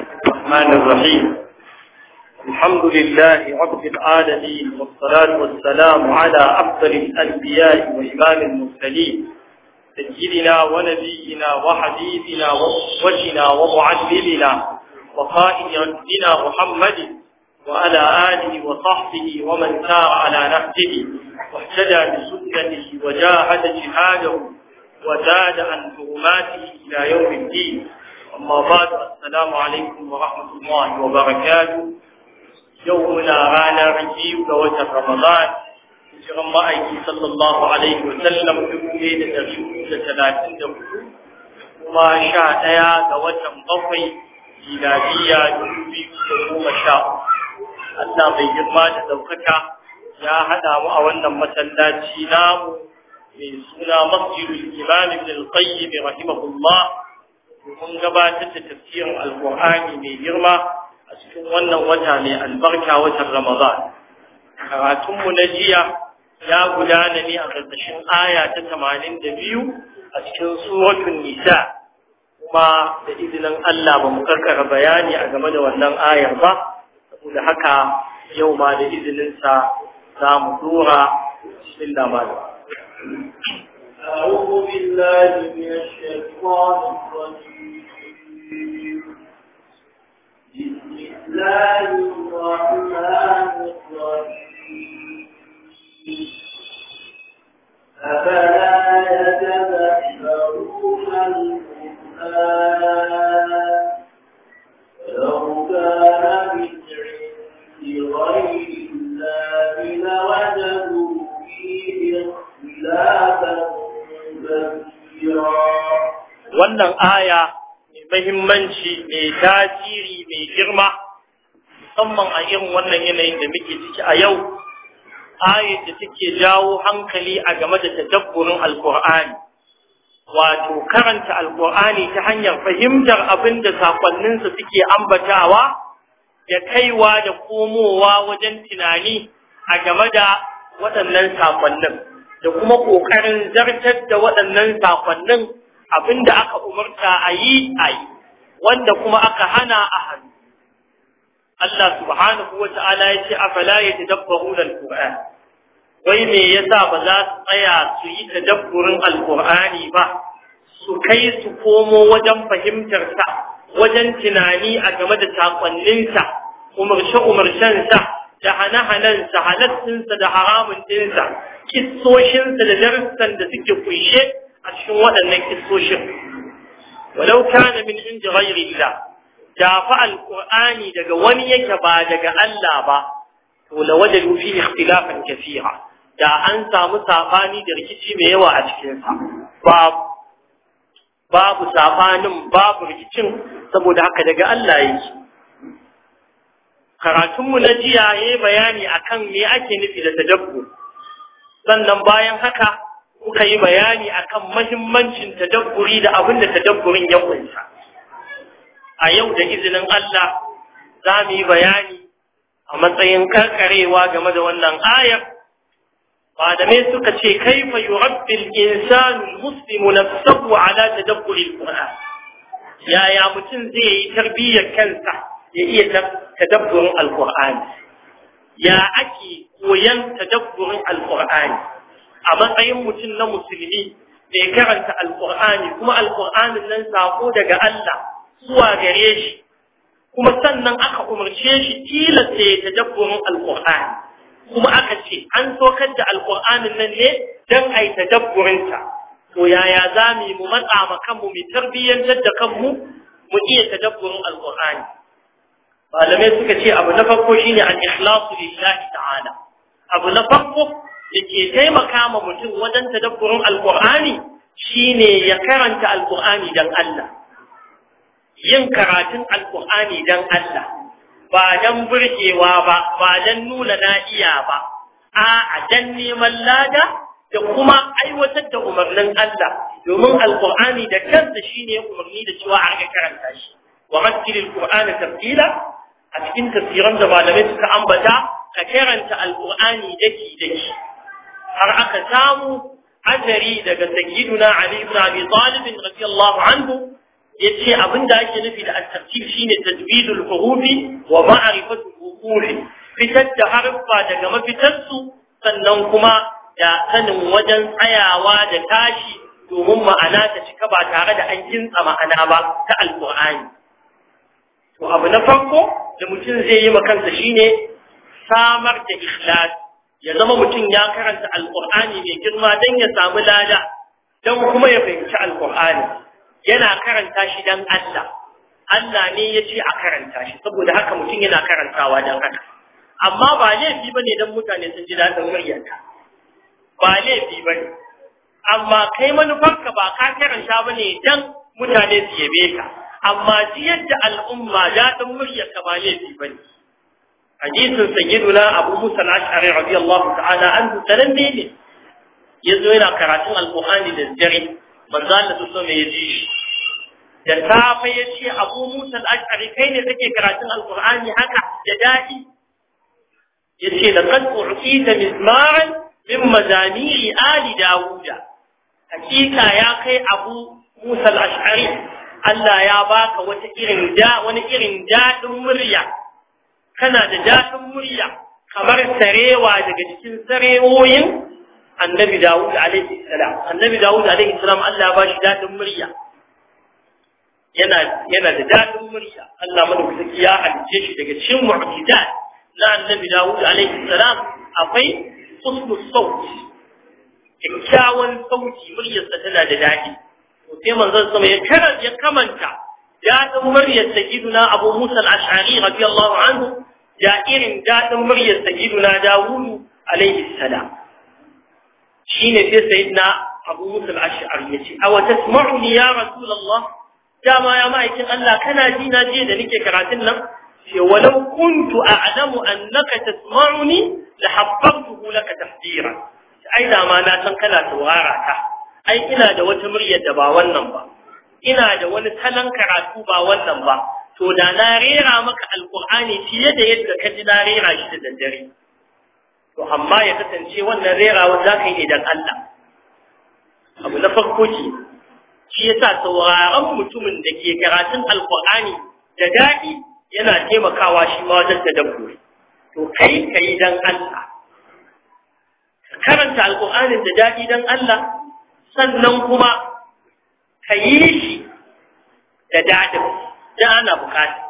الرحمن الرحيم الحمد لله رب العالمين والصلاة والسلام على أفضل الأنبياء وإمام المرسلين سيدنا ونبينا وحبيبنا وأسوتنا ومعلمنا وقائد ربنا محمد وعلى آله وصحبه ومن سار على نهجه واهتدى بسنته وجاهد جهاده وزاد عن حرماته إلى يوم الدين أما بعد السلام عليكم ورحمة الله وبركاته يومنا رانا رجيب دوجة رمضان جرم أيدي صلى الله عليه وسلم تبين تريد ثلاثين دوجة وما شاء يا دوجة مضفي إلهية جنوبي وما شاء Allah bai girma da ɗaukaka ya haɗa mu a wannan masallaci namu mai suna masjidul imam ibn al-qayyim rahimahullah mun gabatar da tafsirin alkur'ani mai girma a cikin wannan wata mai albarka watan ramadan karatunmu na jiya ya gudana ne a ƙarƙashin aya ta tamanin da biyu a cikin suratun nisa kuma da izinin Allah ba mu karkara bayani a game da wannan ayar ba saboda haka yau ma da izininsa za mu dora cikin labarin أعوذ بالله من الشيطان الرجيم بسم الله الرحمن muhimmanci mai tasiri mai girma musamman a irin wannan yanayin da muke ciki a yau ayat da take jawo hankali a game da tadabburin alkur'ani wato karanta alkur'ani ta hanyar fahimtar abin da sakonninsa suke ambatawa da kaiwa da komowa wajen tunani a game da waɗannan sakonnin da kuma ƙoƙarin zartar da waɗannan sakonnin abin da aka umarta a yi a yi wanda kuma aka hana a hannu Allah subhanahu wa ta'ala ya ce afala ya tadabbaru al-Qur'an wai me yasa ba za su tsaya su yi tadabburin al-Qur'ani ba su kai su komo wajen fahimtar wajen tunani a game da takonninsa umarce umarshensa da hane-hanensa halattinsa da haramun ɗinsa kissoshinsa da darussan da suke kushe a cikin waɗannan kissoshin walau kana min inda ghairi Allah da fa daga wani yake ba daga Allah ba to lawajadu fi ikhtilafan kaseera da an samu safani da rikici mai yawa a cikin sa babu safanin babu rikicin saboda haka daga Allah yake karatunmu na jiyaye bayani akan me ake nufi da tadabbur sannan bayan haka kuka yi bayani akan mahimmancin tadabburi da abin da tadabburin ya kunsa a yau da izinin Allah za mu yi bayani a matsayin karkarewa game da wannan ayar malamai suka ce kaifa yurabbil insanu muslimu nafsahu ala tadabburil qur'an yaya mutum zai yi tarbiyyar kansa ya iya tadabburin alqur'ani ya ake koyan tadabburin alqur'ani a matsayin mutum na musulmi mai karanta alƙur'ani kuma alƙur'anin nan sako daga Allah zuwa gare shi kuma sannan aka umarce shi tilasta ya tajabburin alƙur'ani kuma aka ce an sokar da alƙur'anin nan ne don a yi tajabburinsa to yaya za mu yi mu matsa ma kanmu mu tarbiyyantar da kanmu mu iya tajabburin alƙur'ani malamai suka ce abu na farko shine al-ikhlasu lillahi ta'ala abu na farko da ke taimaka ma mutum wajen tadabburin alkur'ani shine ya karanta alkur'ani dan Allah yin karatun alkur'ani dan Allah ba dan burgewa ba ba dan nuna na iya ba a dan neman lada da kuma aiwatar da umarnin Allah domin alkur'ani da kansa shine umarni da cewa a riga karanta shi wa matkilil qur'ana tafsila a cikin tafsiran da malamai suka ambata ka karanta alkur'ani daki daki har aka samu azari daga sayyiduna ali ibn abi talib radiyallahu anhu yace da ake nufi da at-tartib shine tajwidul hurufi wa ma'rifatu uquli fitar da harfa daga mafitarsu sannan kuma da sanin wajen tsayawa da tashi domin ma'ana ta cika ba tare da an kintsa ma'ana ba ta alƙur'ani to abu na farko da mutum zai yi makansa shine samar da ikhlas ya zama mutum ya karanta alkur'ani mai girma don ya samu lada don kuma ya fahimci alkur'ani yana karanta shi don Allah Allah ne ya ce a karanta shi saboda haka mutum yana karantawa don haka amma ba laifi ne don mutane sun ji dadin muryarka ba laifi ne. amma kai manufarka ba ka karanta ba ne don mutane su yabe ka amma ji yadda al'umma dadin muryarka ba laifi ne. hadisin sayyiduna abu musa al-ash'ari radiyallahu ta'ala anhu sananne ne yazo yana karatun alqur'ani da dare manzo Allah su so me yaji da safe yace abu musa al-ash'ari kai ne kake karatun alqur'ani haka da dadi yace laqad u'tita mizmaran min mazani ali dawuda hakika ya kai abu musa al-ash'ari Allah ya baka wata irin da wani irin dadin murya kana da daɗin murya kamar sarewa daga cikin sarewoyin annabi Dawud alaihi salam annabi Dawud alaihi salam Allah ba shi daɗin murya yana yana da daɗin murya Allah madaukaki ya halice shi daga cikin mu'jizat na annabi Dawud alaihi salam akwai husnul sauti kyakkyawan sauti muryarsa tana da daɗi to sai manzon sama ya karanta ya kamanta daɗin muryar sayyiduna Abu Musa al-Ash'ari radiyallahu anhu da irin daɗin muryar na dawudu alaihi salam shine sai sayyidina abu musul a yace aw tasma'uni ya rasulullah dama ya ma'aikin Allah kana ji na je da nake karatun nan ce walau kuntu a'lamu annaka tasma'uni la habbtuhu laka tahdira ai na san kana taurara ta ai ina da wata muryar da ba wannan ba ina da wani salon karatu ba wannan ba to da na rera maka alkur'ani fiye da yadda ka ji na rera shi da daddare to amma ya kasance wannan rerawar za ka yi idan Allah abu na farko ke shi yasa sauraron mutumin da ke karatun alkur'ani da daɗi yana taimakawa shi ma wajen tadabburi to kai ka yi don Allah karanta alkur'anin da daɗi don Allah sannan kuma ka yi shi da daɗin da ana bukata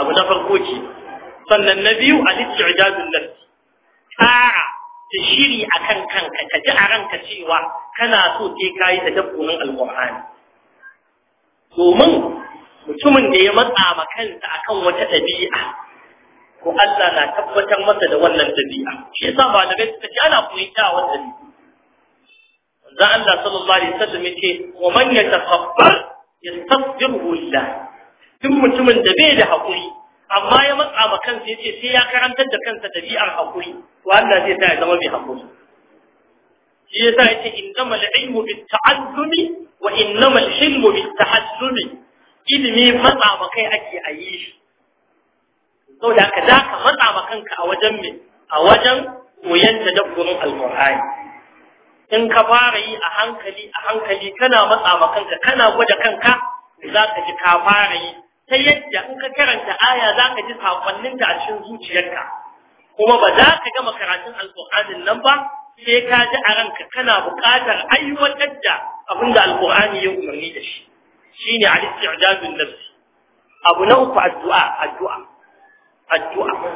abu na farko ce sannan na biyu a littijadun nafsi tsara ta shiri akan kanka ka ji a ranka cewa kana so sai kayi dabbonin alqur'ani domin mutumin da ya matsa ma kansa akan wata ɗabi'a ko Allah na tabbatar masa da wannan ɗabi'a shi yasa malamai suka ce ana koyi a wannan ɗabi'a Allah sallallahu alaihi wasallam yake wa man yatakabbar yastaghfiruhu lillah duk mutumin da bai da hakuri amma ya matsa ma kansa yace sai ya karantar da kansa dabi'ar hakuri to Allah zai sa ya zama mai hakuri shi yasa yace innamal ilmu bit ta'allumi wa innamal hilmu bit tahassumi ilimi matsa ma kai ake ayi shi saboda haka da ka matsa ma kanka a wajen me a wajen koyan tadabburin in ka fara yi a hankali a hankali kana matsa ma kanka kana gwada kanka za ka ji ka fara yi ta yadda in ka karanta aya za ka ji sakonninta a cikin zuciyarka kuma ba za ka gama karatun alƙur'anin nan ba sai ka ji a ranka kana buƙatar aiwatar da abin da alƙur'ani ya umarni da shi shine al-isti'jazun nafsi abu na uku addu'a addu'a addu'a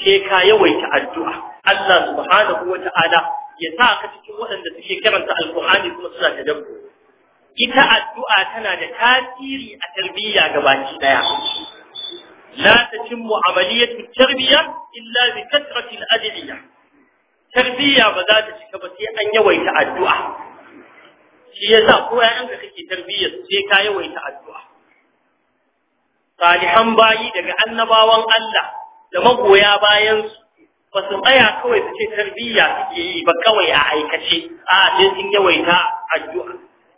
sai ka yawaita addu'a Allah subhanahu wa ta'ala ya sa ka cikin waɗanda suke karanta alkur'ani kuma suna tadabbur ita addu'a tana da tasiri a tarbiyya gabaki daya لا تتم عملية Tarbiyya ba za ta cika ba sai an yawaita addu'a. shi ya sa ko ‘ya'yanka kake tarbiyyar sai ka yawaita addu'a. Salihan bayi daga annabawan Allah da magoya bayansu ba su tsaya kawai su ce tarbiyya suke yi ba kawai a aikace a sai sun yawaita addu'a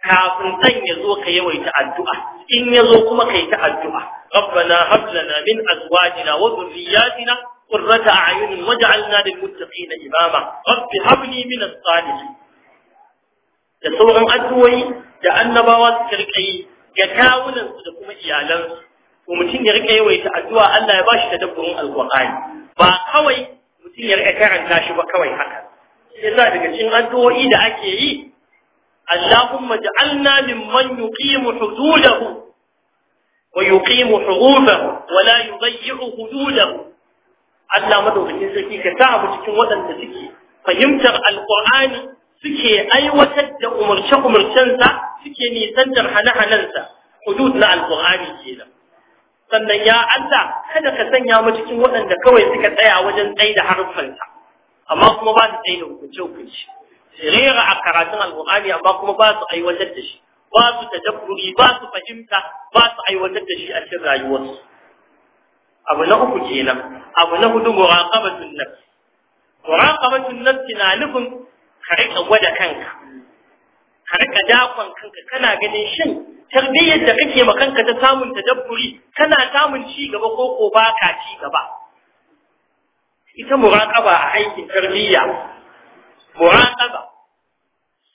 kafin san ya zo ka yawaita addu'a in ya zo kuma ka yi ta addu'a rabbana hab lana min azwajina wa dhurriyyatina qurrata a'yunin waj'alna lil muttaqina imama rabbi hab min as-salihin da sauran addu'o'i da annabawa suka rika yi ga kawunansu da kuma iyalansu to mutum ya rika yawaita addu'a Allah ya bashi tadabburin alqur'ani ba kawai mutum ya rika karanta shi ba kawai haka yasa daga cikin addu'o'i da ake yi Allahumma ja'alna mimman yuqimu hududahu wa yuqimu hurufahu wa la yudayyi'u hududahu Allah madaukakin sarki ka sa mu cikin waɗanda suke fahimtar alqur'ani suke aiwatar da umarce umarcensa suke nisantar hane hanansa hudud na alqur'ani kenan sannan ya Allah kada ka sanya mu cikin waɗanda kawai suka tsaya wajen tsaye da harfansa amma kuma ba su tsaye da hukunce hukunci rera a karatun alƙur'ani amma kuma ba su aiwatar da shi ba su tadabburi ba su fahimta ba su aiwatar da shi a cikin rayuwarsu abu na uku kenan abu na hudu muraqabatun nafs muraqabatun nafs na nufin ka riƙa gwada kanka ka rika dakon kanka kana ganin shin tarbiyyar da kake ma kanka ta samun tadabburi kana samun ci gaba ko ko ba ka ci gaba ita muraqaba a aikin tarbiyya muraqaba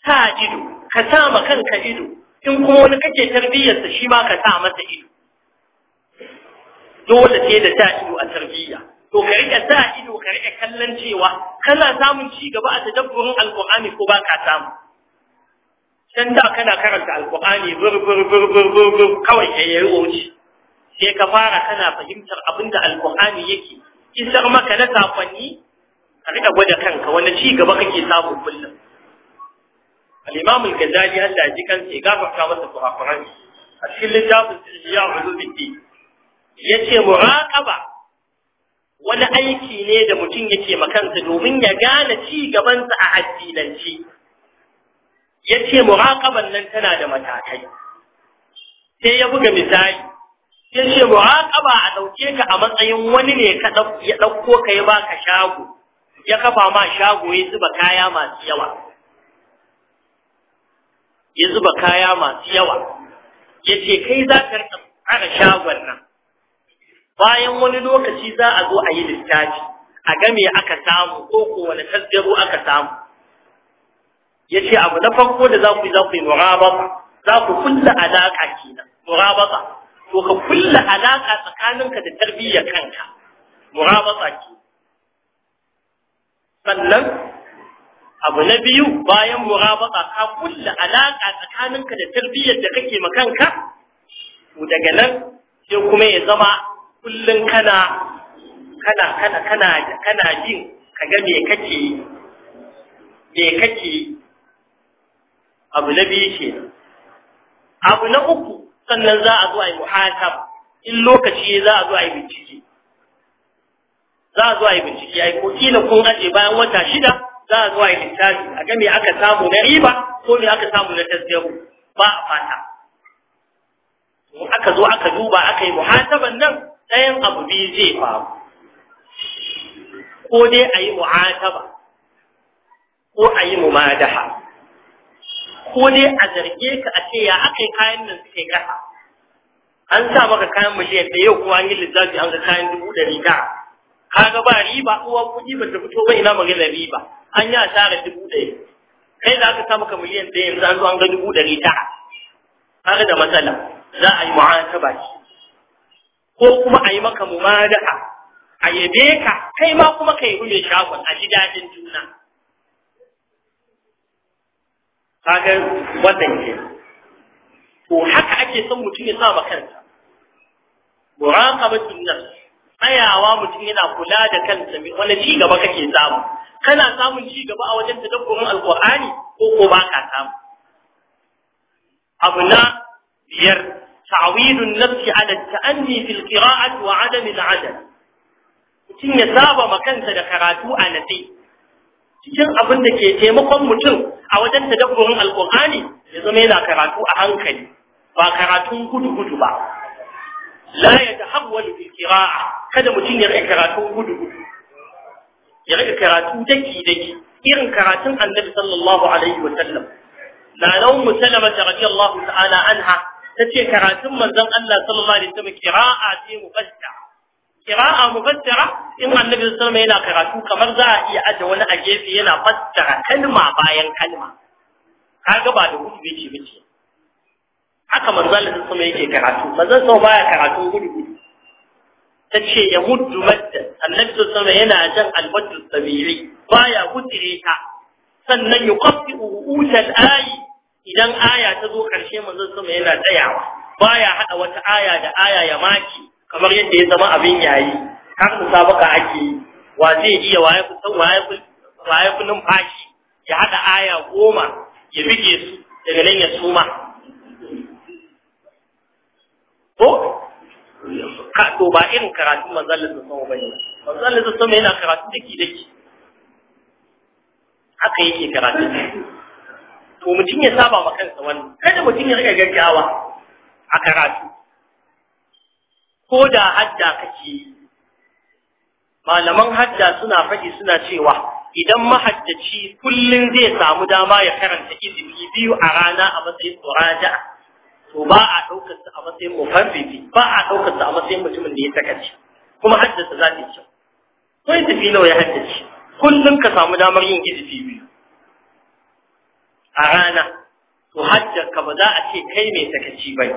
sa ido ka sa ma kanka ido in kuma wani kake tarbiyyarsa shi ma ka sa masa ido dole sai da sa ido a tarbiyya to ka rika sa ido ka rika kallon cewa kana samun ci gaba a tadabburin alqur'ani ko ba ka samu can da kana karanta alkur'ani bir kawai ya yi wuce sai ka fara kana fahimtar abin da alkur'ani yake isar maka na sakonni ka riƙa gwada kanka wani ci gaba kake samu kullum al-imam al-ghazali ji kansa ya gafarta masa kurakuran a cikin littafin ya ce yace wani aiki ne da mutum yake makansa domin ya gane ci gabansa a addinance ya ce muraƙaban nan tana da matakai sai ya buga misali ya ce muraƙaba a ɗauke ka a matsayin wani ne ya ɗauko ka ya baka shago ya kafa ma shago ya zuba kaya masu yawa ya zuba kaya masu yawa ya ce kai za ka rika shagon nan bayan wani lokaci za a zo a yi littafi a game aka samu ko ko wani tasgaro aka samu yace abu na farko da za ku yi za ku yi murabata za ku kulla alaka kenan murabata to ka kulla alaka tsakaninka da tarbiyyar kanka murabata ke sannan abu na biyu bayan murabata ka kulla alaka tsakaninka da tarbiyyar da kake ma kanka to daga nan sai kuma ya zama kullun kana kana kana kana kana jin ka ga me kake me kake abu na biyu kenan abu na uku sannan za a zo a yi muhataba in lokaci za a zo a yi bincike za a zo a yi bincike ai ko kila kun aje bayan wata shida za a zo a yi littafi a ga me aka samu na riba ko me aka samu na tasgaro ba a fata in aka zo aka duba aka yi muhataban nan ɗayan abu biyu zai faru ko dai a yi mu'ataba ko a yi madaha. ko dai a zarge ka a ce ya aka yi kayan nan suke kasa an sa maka kayan miliyan da yau kuma an yi lissafi an ga kayan dubu ɗari Ka ga ba riba uwa kuɗi ba ta fito ba ina magana riba an yi asara dubu ɗaya kai da aka sa maka miliyan ɗaya yanzu an zo an ga dubu ɗari tara ga da matsala za a yi ba shi ko kuma a yi maka mu'ada a yabe ka kai ma kuma ka yi hulun shagon a ji juna kaga wannan ke to haka ake son mutum ya sa ma kansa muraqabatun nafs tsayawa mutum yana kula da kansa wani ci gaba kake samu kana samun ci gaba a wajen tadabburin alqur'ani ko ko ba ka samu abu na biyar ta'wilun nafsi ala ta'anni fil qira'ati wa 'adam al-'adad mutum ya saba ma kansa da karatu a nasi cikin abin da ke taimakon mutum a wajen tadabburin alkur'ani ya zama yana karatu a hankali ba karatun gudu-gudu ba la ya tahawwalu fil qira'a kada mutum ya rika karatu gudu-gudu ya rika karatu daki-daki irin karatun annabi sallallahu alaihi wa sallam na nan musalama ta radiyallahu ta'ala anha tace karatun manzon Allah sallallahu alaihi wa sallam qira'a ce muqaddah kira'a mufassara in annabi sallallahu alaihi yana karatu kamar za a iya aje wani a gefe yana fassara kalma bayan kalma kaga ba da gudu yake bace haka manzo Allah sallallahu alaihi yake karatu manzo sallallahu baya karatu gudu gudu tace ya muddu madda annabi sallallahu alaihi yana jan al-maddu sabiri baya gudire ta sannan ya yuqti utal ayi idan aya ta zo karshe manzo sallallahu yana tsayawa baya hada wata aya da aya ya maki kamar yadda ya zama abin yayi har musabaka ake yi wa zai iya waye san waye nan fashi ya hada aya goma ya bige su daga nan ya suma ko ka to ba irin karatu manzalin da sama bane manzalin da sama yana karatu dake dake haka yake karatu to mutum ya saba ma kansa wannan kada mutum ya rika gaggawa a karatu ko da hajja kake yi malaman hajja suna faɗi suna cewa idan mahajjaci kullum zai samu dama ya karanta izini biyu a rana a matsayin muraja to ba a ɗaukar a matsayin mufarrifi ba a ɗaukar a matsayin mutumin da ya sakaci kuma haddasa za ta kyau ko izifi nawa ya haddace kullum ka samu damar yin izini biyu a rana to haddaka ba za a ce kai mai sakaci bai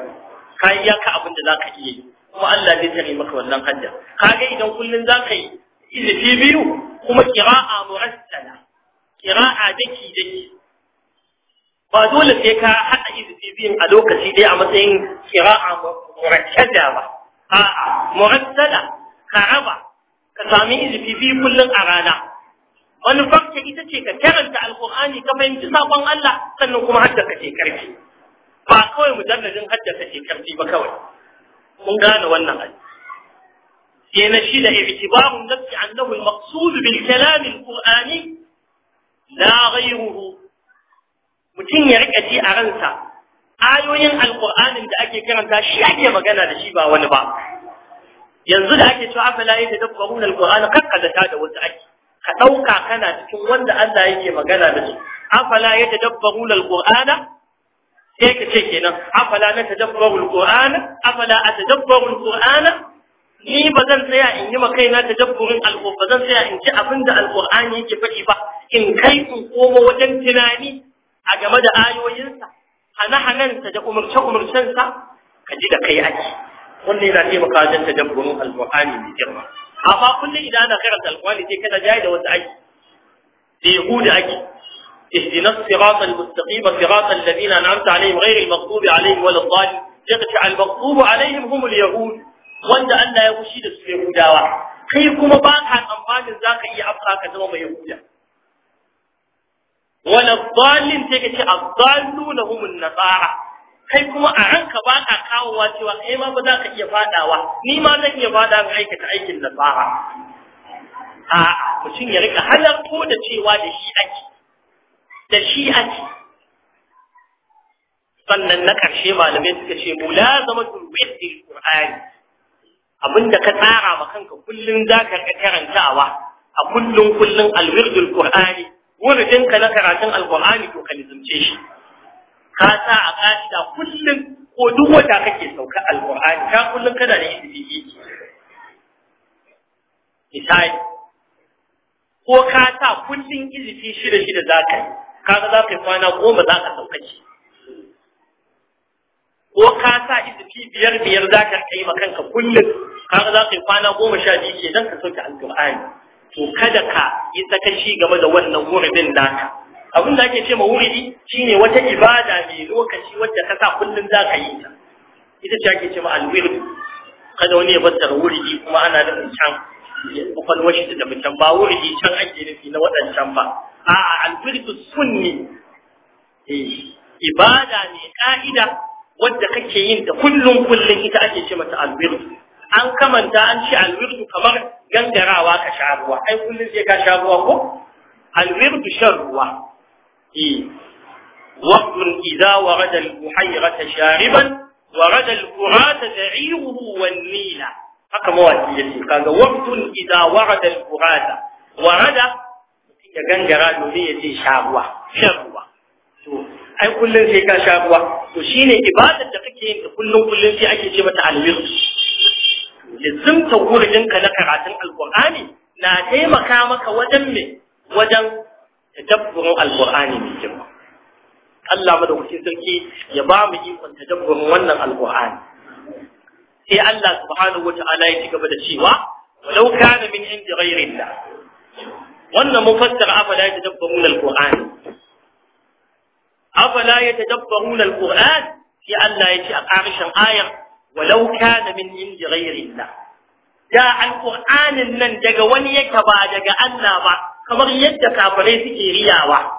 ka yi yaka abin da za ka iya yi kuma Allah zai tare maka wannan hadda kaga idan kullun ka yi izifi biyu kuma qira'a murassala qira'a daki daki ba dole sai ka hada izifi biyun a lokaci dai a matsayin qira'a murassala ba a'a murassala ka raba ka sami izifi biyu kullun a rana wani fakta ita ce ka karanta alkur'ani ka fahimci sakon Allah sannan kuma hadda ka ce karfi ba kawai mujalladin hadda ka ce karfi ba kawai mun gane wannan ai sai na shida i'tibarun nafsi annahu al-maqsud bil kalam al-qur'ani la ghayruhu mutum ya rika ji a ransa ayoyin alqur'anin da ake karanta shi ake magana da shi ba wani ba yanzu da ake cewa afala yake dabbaruna alqur'ana kakkada ta da wata ake ka dauka kana cikin wanda Allah yake magana da shi afala yake dabbaruna alqur'ana sai ka ce kenan afala na tadabbaru alqur'ana afala atadabbaru alqur'ana ni ba zan tsaya in yi makai na tadabburin alqur'ani ba zan tsaya in ci abinda alqur'ani yake faɗi ba in kai in komo wajen tunani a game da ayoyinsa hana-hanansa da umarce-umarcensa ka ji da kai ake wannan yana taimaka wajen tadabburin alqur'ani mai girma amma kullum idan ana karanta alqur'ani sai kana jayi da wasu aiki da yahuda ake اهدنا الصراط المستقيم صراط الذين أنعمت عليهم غير المغضوب عليهم ولا الضالين يقطع المغضوب عليهم هم اليهود wanda Allah ya kushi da su Yahudawa kai kuma ba ka tsammanin za ka iya afka ka zama mai Yahuda wala dhalin sai ka ce adalluna humun nasara kai kuma a ranka ba ka kawowa cewa kai ma ba za ka iya fadawa ni ma zan iya fada ga aikata aikin nasara a mutum ya rika halarto da cewa da shi ake da shi ake sannan na ƙarshe malamai suka ce mulazamatul widdil ƙur'ani. abinda ka tsara ma kanka kullum za ka karantawa a kullum kullun alwirdul qur'ani wurin ka na karatun alqur'ani to ka nizamce shi ka sa a ka'ida kullum ko duk wata kake sauka alqur'ani ka kullum kana da izini misali ko ka sa kullun izifi shida shida ka yi kaga za ka yi kwana goma za ka sauka saukaci ko ka sa izifi biyar biyar za ka kai ma kanka kullum kaga za ka yi kwana goma sha biyu ke nan ka sauke alƙur'ani to kada ka yi sakaci game da wannan wuridin naka abin da ake ce ma wuridi shine wata ibada mai lokaci wadda ka sa kullum za ka yi ta ita ce ake ce ma alwirdu kada wani ya fassara wuridi kuma ana nufin can kwakwalwar shi da mutum ba wuri can ake nufi na waɗancan ba a'a alfirku sunni eh, ibada ne ka'ida wadda kake yin da kullum kullum ita ake ce mata alfirku an kamanta an ce albirtu kamar gangarawa ka sha ruwa ai kullum sai ka sha ruwa ko alwirdu shan ruwa eh waqtun idza warada al-buhayrata shariban warada al-furata da'iruhu haka mawaki yake kaga waqtun idza wa'ada al-qurada warada ya gangara domin ya ce sharuwa sharuwa to ai kullun sai ka sharuwa to shine ibadar da kake yin kullun kullun sai ake ce mata al-wird lazimta wurin ka na karatun alqur'ani na taimaka maka wajen me wajen tadabburin alqur'ani mai girma Allah madaukakin sarki ya ba mu ikon tadabburin wannan alqur'ani sai Allah subhanahu wa ta'ala ya ci gaba da cewa walau kana min inda ghairillah wannan mufassara afala ya tadabbaruna alquran afala ya tadabbaruna alquran sai Allah ya ci a ƙarshen ayar walau kana min inda ghairillah da alqur'anin nan daga wani yake ba daga Allah ba kamar yadda kafirai suke riyawa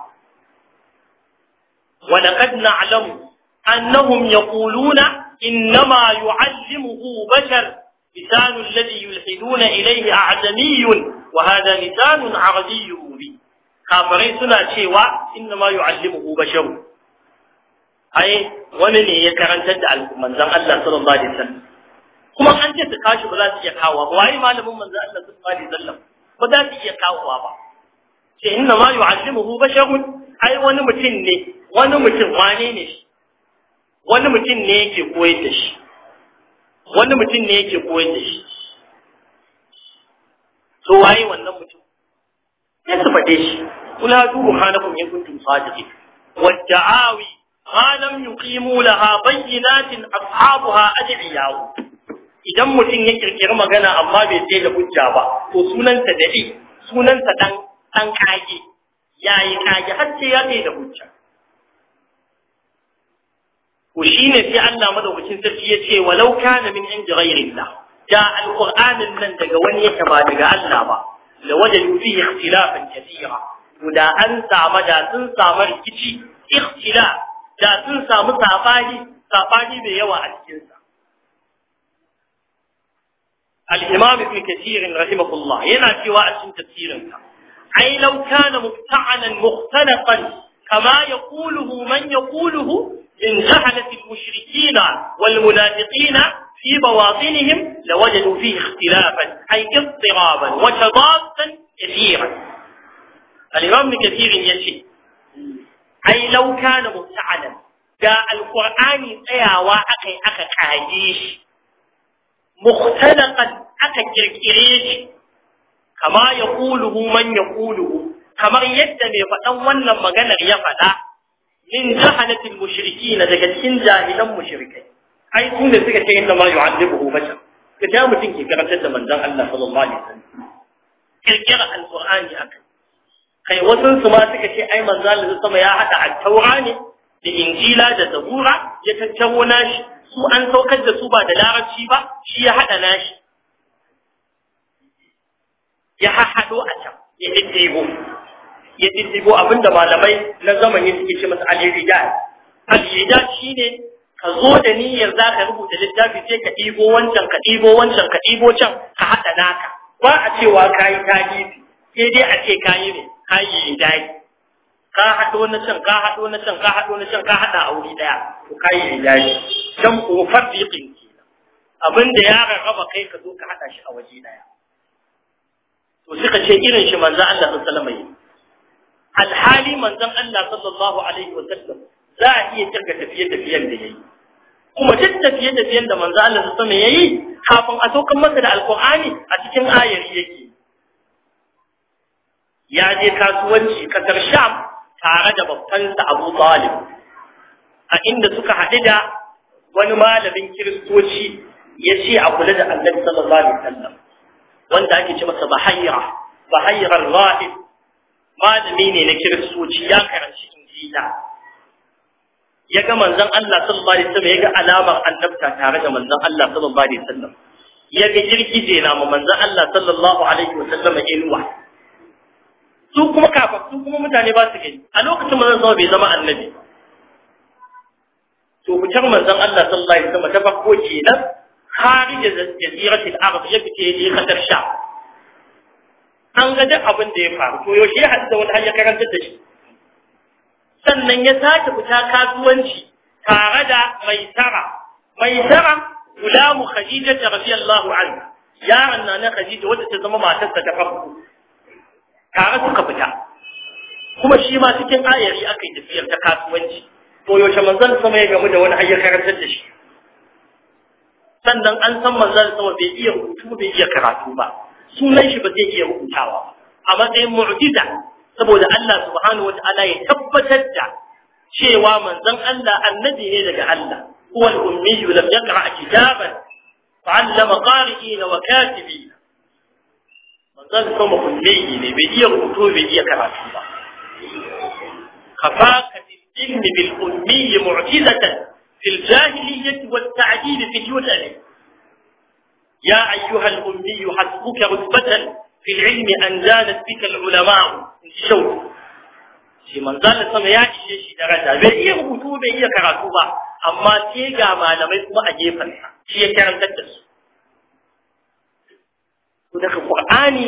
ولقد نعلم أنهم يقولون إنما يعلمه بشر لسان الذي يلحدون إليه أعجمي وهذا لسان عربي مبين kafirai suna cewa inna ma yu'allimuhu basharu ai wani ne ya karantar da manzon Allah sallallahu alaihi wasallam kuma an ce su ba za su iya kawo ba wai malamin manzon Allah sallallahu alaihi wasallam ba za su iya kawo ba ai wani mutum ne wani mutum wane ne shi wani mutum ne yake koyar da shi wani mutum ne yake koyar da shi to waye wannan mutum sai su faɗe shi kula duhu hanakum in kuntum sadiqin wadda'awi ma lam yuqimu laha bayyinatin ashabuha ad'iyahu idan mutum ya kirkiri magana amma bai je da hujja ba to sunansa daɗi sunansa dan dan kage yayi kage har sai ya je da hujja ko ne sai Allah madaukakin sarki ya ce walau kana min inda ghairillah da alqur'anin nan daga wani yake ba daga Allah ba la wajadu fi ikhtilafan kathira da an samu da sun samu rikici ikhtila da sun samu safani, safani mai yawa a cikin sa al-imam ibn kathir rahimahullah yana cewa a cikin tafsirin sa ai law kana mubta'anan mukhtalafan kama yaquluhu man yaquluhu إن جعلت المشركين والمنافقين في بواطنهم لوجدوا فيه اختلافا أي اضطرابا وتضادا كثيرا الإمام ابن كثير يشي أي لو كان مفتعلا جاء القرآن تسيوا وأخي أكا عايش مختلقا أكا كركريش كما يقوله من يقوله كما يدني من فتن ونن مغنر يفتا min jahalatil mushrikin daga cikin jahilan mushrikai ai tun da suka ce inna ma yu'adibuhu bashar ka ta mutum ke karantar da manzon Allah sallallahu alaihi wasallam kirkira alqur'ani akai kai wasu su ma suka ce ai manzon Allah sama ya hada at-taura ne da injila da zabura ya tattaro nashi su an saukar da su ba da larabci ba shi ya hada nashi ya haɗo a can ya ɗiɗɗigo ya diddigo abinda malamai na zamanin suke ce masa al-irijal al-irijal shine ka zo da niyyar za ka rubuta littafi sai ka ɗibo wancan ka ɗibo wancan ka ɗibo can ka haɗa naka ba a cewa ka yi tarihi sai dai a ce ka yi ne ka yi ridai ka haɗo na can ka haɗo na can ka haɗo na can ka haɗa a wuri ɗaya to ka yi ridai can ko farfiƙin kenan abin da ya rarraba kai ka zo ka haɗa shi a waje ɗaya to suka ce irin shi manzo Allah sallallahu alaihi wasallam alhali manzon Allah sallallahu alaihi wa sallam za a iya kirga tafiye-tafiyen da yayi kuma duk tafiye-tafiyen da manzon Allah sallallahu alaihi yayi kafin a saukan masa da alqur'ani a cikin ayar yake ya je kasuwanci kasar Sham tare da babbansa Abu Talib a inda suka haɗu da wani malamin kiristoci ya ce a kula da annabi sallallahu alaihi wasallam wanda ake ce masa bahayra bahayra rahib malami ne na kiristoci ya karanci injila ya ga manzon Allah sallallahu alaihi wasallam ya ga alamar annabta tare da manzon Allah sallallahu alaihi wasallam ya ga girgije na mu manzon Allah sallallahu alaihi wasallam inuwa su kuma kafa su kuma mutane ba su gani a lokacin manzon zama bai zama annabi to fitar manzon Allah sallallahu alaihi wasallam ta farko kenan har da jaziratul arab ya fice ne kasar sha an ga duk abin da ya faru to yaushe ya haɗu da wani har ya da shi sannan ya sake fita kasuwanci tare da mai tara mai tara gulamu khadija ta radiyallahu Anhu, yaron na na khadija wadda ta zama matarsa ta farko tare suka fita kuma shi ma cikin ayari aka yi tafiyar ta kasuwanci to yaushe manzon sama ya gamu da wani har ya karantar da shi sannan an san manzon sama bai iya rubutu bai iya karatu ba sunan shi ba zai iya rubutawa a matsayin mu'jiza saboda Allah subhanahu wata'ala ya tabbatar da cewa manzon Allah annabi ne daga Allah huwa al-ummi lam yaqra kitaban fa'allama qari'ina wa katibina manzon kuma ummi ne bai iya rubutu bai iya karatu ba kafaka bil ilmi bil ummi mu'jizatan في الجاهلية والتعديل في اليدن يا أيها الأمي حسبك رتبة في العلم أن زالت بك العلماء شوف shi manzan sama ya ishe shi daraja bai iya rubutu bai iya karatu ba amma sai ga malamai kuma a gefen shi ya karantar da su to daga qur'ani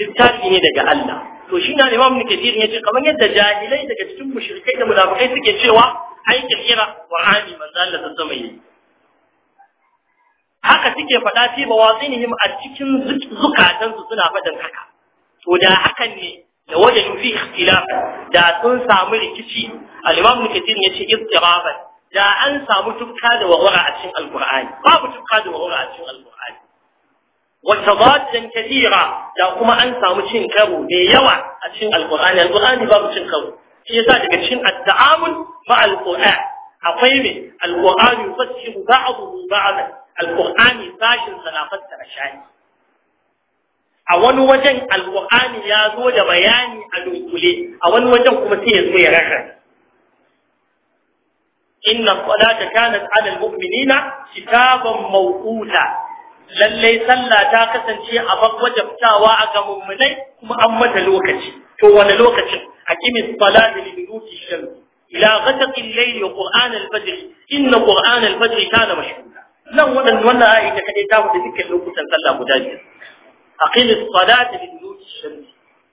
littafi ne daga Allah to shi na imam ibn kathir yace kamar yadda jahilai daga cikin mushrikai da munafikai suke cewa ai kirkira qur'ani manzan Allah sama yayi haka suke faɗa fi bawatsinihim a cikin zukatansu suna faɗin haka to da hakan ne da wajen fi ikhtilaf da sun samu rikici al-imam mukaddin yace istiraban da an samu tukka da warwara a cikin alqur'ani babu tukka da warwara a cikin alqur'ani wa tadaddan kathira da kuma an samu cin karo da yawa a cikin alqur'ani alqur'ani babu cin karo shi yasa daga cikin at-ta'amul ma al-qur'an akwai me al-qur'an yufassiru ba'dahu ba'dahu alƙur'ani sashin na fassara shani a wani wajen alƙur'ani ya zo da bayani a dunkule a wani wajen kuma sai ya zo ya raka inna salata kanat ala almu'minina kitaban mawquta lallai sallah ta kasance a wajabtawa a ga mummunai kuma an mata lokaci to wani lokacin a salata li dunuti shams ila ghasaqi al-layl wa qur'an al-fajr inna qur'an al-fajr kana mashhuda nan waɗanda wannan ayi ta kaɗai ta faɗi dukkan lokutan sallah guda biyar aqimis salata li duluki shams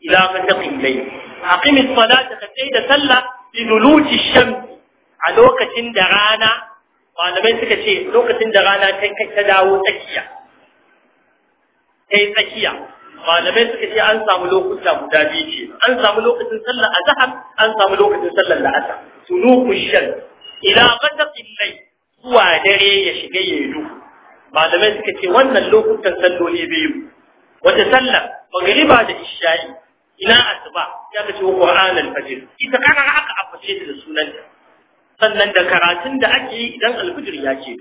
ila ghasaqi al-layl aqimis salata ka sai da sallah li duluki shams a lokacin da rana malamai suka ce lokacin da rana kai kai ta dawo tsakiya kai tsakiya malamai suka ce an samu lokuta guda biyu ce an samu lokacin sallar azhar an samu lokacin sallar la'asar suluku shams ila ghasaqi al-layl zuwa dare ya shiga ya yi malamai suka ce wannan lokutan salloli biyu wata sallar magariba da ishayi ina asuba ya kace wa qur'an al-fajr ita kana aka aface da sunanta sannan da karatun da ake yi idan al-fajr ya ce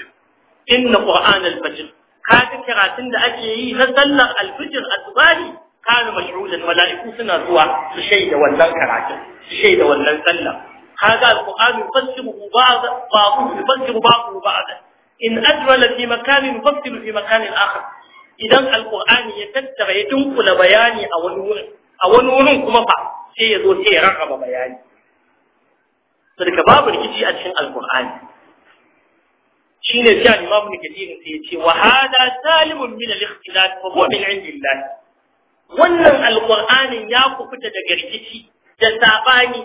inna qur'an al-fajr ka ta karatun da ake yi na sallar al-fajr asubani kana mashhudan mala'iku suna zuwa su shaida wannan karatun su shaida wannan sallar kaga alqur'ani yufassiru ba'd ba'd yufassiru ba'd ba'd in ajrala fi makanin yufassiru fi makanin akhar idan alqur'ani ya tattara ya dunkula bayani a wani a wani kuma fa sai ya zo sai ya rarraba bayani to daga babu rikici a cikin alqur'ani shine sai al-imamu al-kathir sai ya ce wa hada salimun min al-ikhtilat wa huwa min 'indillah wannan alqur'anin ya kufuta daga rikici da saɓani.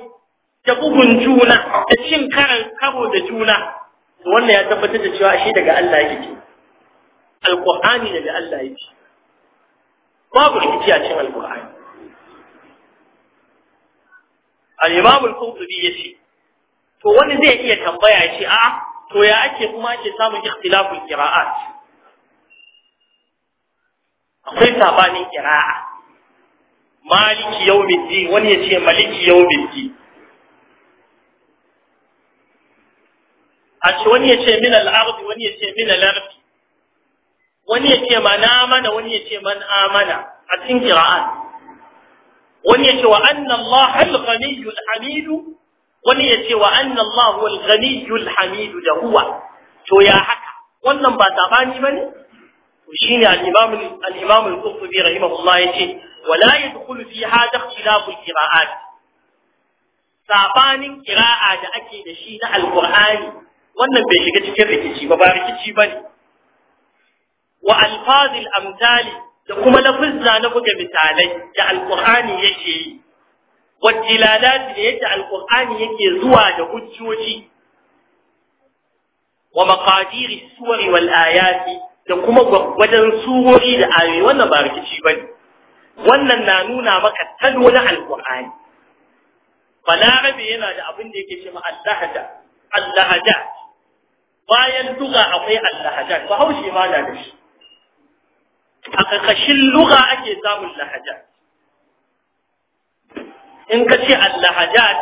da bugun juna da cin karan karo da juna wannan ya tabbatar da cewa shi daga Allah yake alqur'ani daga Allah yake babu rikici a cikin alqur'ani al-imam al-qurtubi yace to wani zai iya tambaya shi a to ya ake kuma ake samun al qira'at akwai sabanin qira'a maliki yawmiddin wani ya ce maliki yawmiddin a ce wani ya ce min al'ardi wani ya ce min al'ardi wani ya ce ma na wani ya ce man amana a cikin kira'an wani ya ce wa anna Allah al-ghaniyyu al-hamid wani ya ce wa anna Allah al-ghaniyyu al-hamid da huwa to ya haka wannan ba sabani bane to shine al-imam al-imam al-qurtubi rahimahullah yace wala yadkhulu fi hada ikhtilaf al-qira'at sabanin qira'a da ake da shi na al-qur'ani wannan bai shiga cikin rikici ba ba rikici ba ne wa alfazil amtali da kuma lafizza na buga misalai da alkur'ani yake yi wa dilalati da yadda alqur'ani yake zuwa da hujjoji wa maqadiri suwari wal ayati da kuma gwagwadan surori da ayoyi wannan ba rikici ba ne wannan na nuna maka talo na alkur'ani balarabe yana da abin da yake cewa allahada allahada bayan luga akwai al-lahajat bahaushe ma na da shi a ƙarƙashin luga ake samun lahajat in ka ce al-lahajat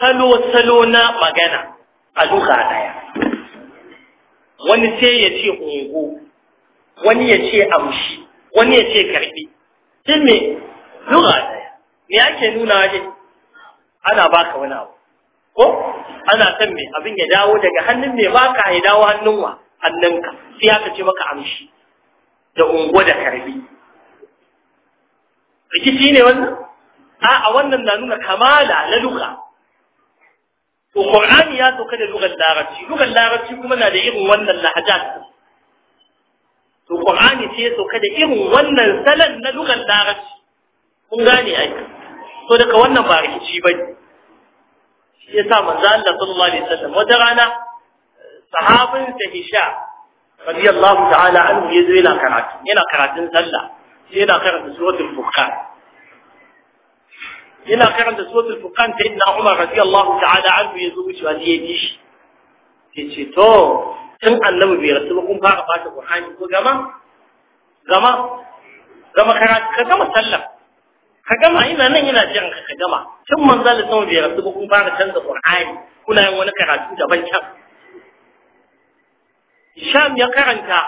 salo-salo na magana a luga ɗaya wani sai ya ce ungo wani ya ce amshi wani ya ce karɓi shi me luga ɗaya me ake nuna ne ana baka wani abu ko ana son me abin ya dawo daga hannun mai baka ya dawo hannun wa hannunka sai aka ce maka amshi da ungo da karbi rikici ne wannan a a wannan na nuna kamala na duka to qur'ani ya sauka da lugar larabci lugar larabci kuma na da irin wannan lahaja to qur'ani sai ya sauka da irin wannan salan na lugar larabci kun gane ai to daga wannan ba rikici bane shi yasa manzo Allah sallallahu alaihi wasallam wata rana sahabin sa Hisha radiyallahu ta'ala anhu yazo yana karatu yana karatun sallah yana karanta suratul furqan yana karanta suratul furqan sai inna Umar radiyallahu ta'ala anhu yazo wucewa sai ya bi shi ce to in annabi bai rasu ba kun fara bata Qur'ani ko gama gama gama karatu ka gama sallah ka gama ina nan yana jiran ka ka gama tun manzo da sama bai rasu ba kun fara canza qur'ani kuna yin wani karatu daban can sham ya karanta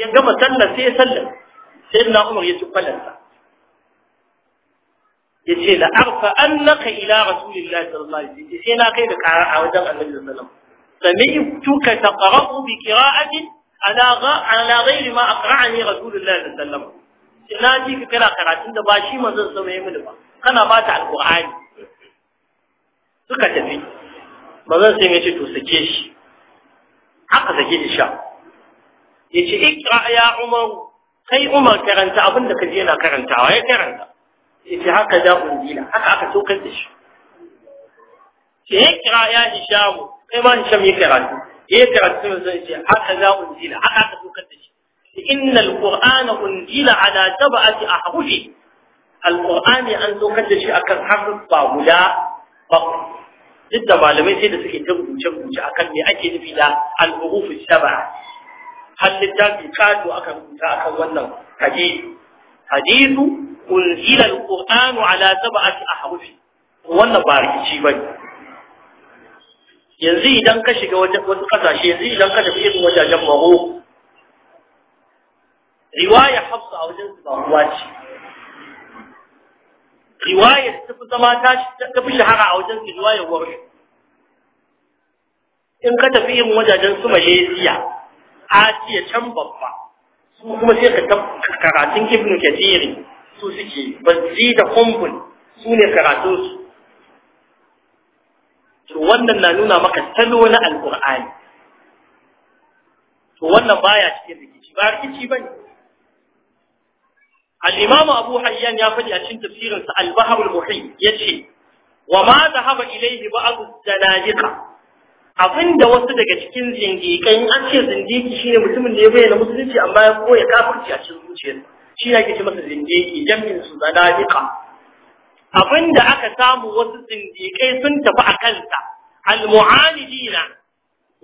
ya gama sallar sai sallar sai na umar ya ci kwalansa ya ce da arfa annaka ila rasulillahi sallallahu alaihi wasallam sai na kai da kara a wajen annabi sallallahu alaihi wasallam sami'tuka taqra'u bi qira'atin ala ala ghairi ma aqra'ani rasulullahi sallallahu alaihi wasallam ina ji ka kana karatun da ba shi manzon sama ya mini ba kana ba ta alqur'ani suka tafi manzon sai ya ce to sake shi haka sake shi sha Ya ce ikra ya umar kai umar karanta abin da kaje yana karantawa ya karanta Ya ce haka da undila haka aka tokar da shi ce ikra ya hishamu kai ma hisham ya karatu. ya karanta sai ce haka da undila haka aka tokar da shi إن القرآن أنزل على سبعة أحرف القرآن أن تكد شيء أكن حرف باولا فقط جدا معلمين سيدة سكي تغبو تغبو أكن لأجل بلا الحروف السبعة هل لتاكي كادوا أكن أكن ونو حديث حديث أنزل القرآن على سبعة أحرف wannan ba rikici ba yanzu idan ka shiga wasu ƙasashe yanzu idan ka tafi irin wajajen maro riwaya hafsa a wajen ba kuwa ce riwaya ta fi zama ta fi shahara a wajen riwaya warshi in ka tafi yin wajajen su malaysia asiya can babba su kuma sai ka karatun ibnu kathiri su suke bazzi da kumbun su ne karatunsu to wannan na nuna maka salo na alkur'ani to wannan baya cikin rikici ba rikici bane al-imam abu hayyan ya faɗi a cikin tafsirin sa al-bahr al-muhim yace wa ma dhahaba ilayhi ba'd al-zanadiqa abinda wasu daga cikin zindiƙan an ce zindiki shine mutumin da ya bayyana musulunci amma ya koya kafirci a cikin zuciyarsa shi yake ce masa zindiki jamin su zanadiqa abinda aka samu wasu zindiƙai sun tafi a kansa al-mu'anidina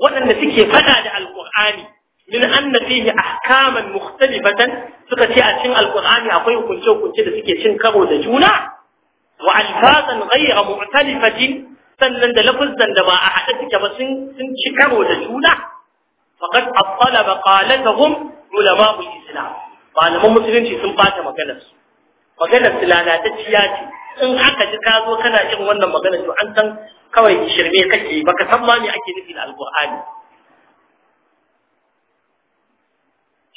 waɗanda suke fada da al-qur'ani min anna fihi ahkaman mukhtalifatan suka ce a cikin alqur'ani akwai hukunce hukunce da suke cin karo da juna wa alfazan ghayra mu'talifatin sannan da lafazan da ba a hada suke ba sun sun ci karo da juna faqad attala maqalatuhum ulama al-islam malaman musulunci sun bata maganar su maganar su lalatacciya ce in aka ji ka zo kana jin wannan magana to an san kawai shirme kake baka san ma me ake nufi da alqur'ani